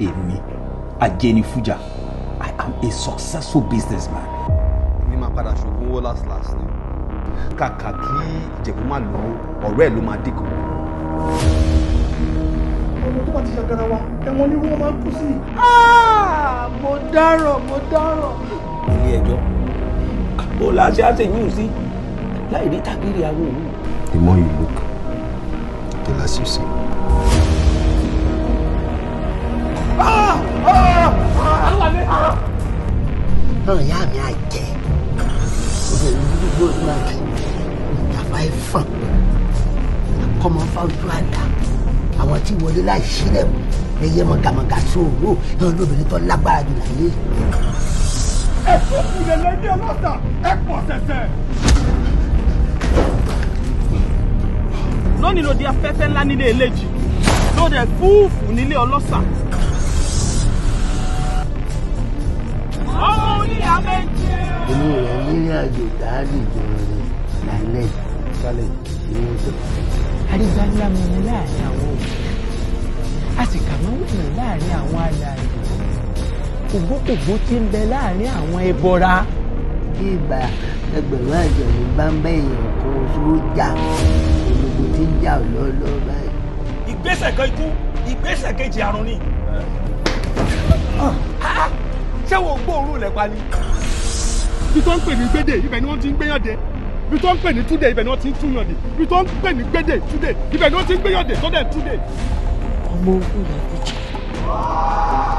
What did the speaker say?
èmi Ajeni Fuja I am a successful businessman. mi máa padà ṣògùn owó last last ni kàkà kí ìjẹ̀bú máa lò ó ọ̀rẹ́ ẹ̀ ló máa dínkù. ọmọ tó bá ti ṣàgàrà wa ẹ̀wọ̀n ni wọ́n máa kú sí. Ah, mo dáràn mo dáràn. ilé ẹjọ́ ó láṣẹ àṣeyún sí láì rí tàbí àwọn òun. The more you look the less you see. tán ìyá mi àjẹ́ obìnrin gbogbo náà kì ìjàmbá ìfọ̀n kọ́mọ fáwọn àdá àwọn tí wọlé láì sílẹ̀ lè yẹ mọ̀gàmọ̀gà sóòrò náà lóbìnrin tó lágbára jù láyé. ẹ tó kùnlẹ̀ lẹ́yìn ọlọ́sà ẹ pọ̀ sẹ̀sẹ̀. lónìí lòdì afẹ́fẹ́ ńlá nílé eléjì lóde fúùfù nílé ọlọ́sà èmi rẹ̀ nírìn àjò dáàbì jẹun lálẹ́ ìsàlẹ̀ ìlú ìjọ. àrígbáńlá mi ni láàrin àwọn òṣìṣẹ́ a sì kà máa wùnà láàrin àwọn alààyè ògbókògbó tí ń bẹ láàrin àwọn ẹbọra. bí ìgbà ẹgbẹ̀rún àjọyìn bá ń bẹ èèyàn kan oṣù jà ológun tí ń jà lọ́ọ́lọ́ọ́ báyìí. ìgbésẹ̀ kan ikú ìgbésẹ̀ kejì àrùn ni. Ah, ah, ah. ṣé wo gbóòórùn lẹ̀ pa ni bí tó ń pè ní gbédè ibẹ̀ ni wọ́n ti ń gbéyànjẹ bí tó ń pè ní túdè ibẹ̀ ni wọ́n ti ń túyànjẹ bí tó ń pè ní gbédè túdè ibẹ̀ ni wọ́n ti ń gbéyànjẹ tọ́dẹ̀ túdè. ọmọ ogun làbújá.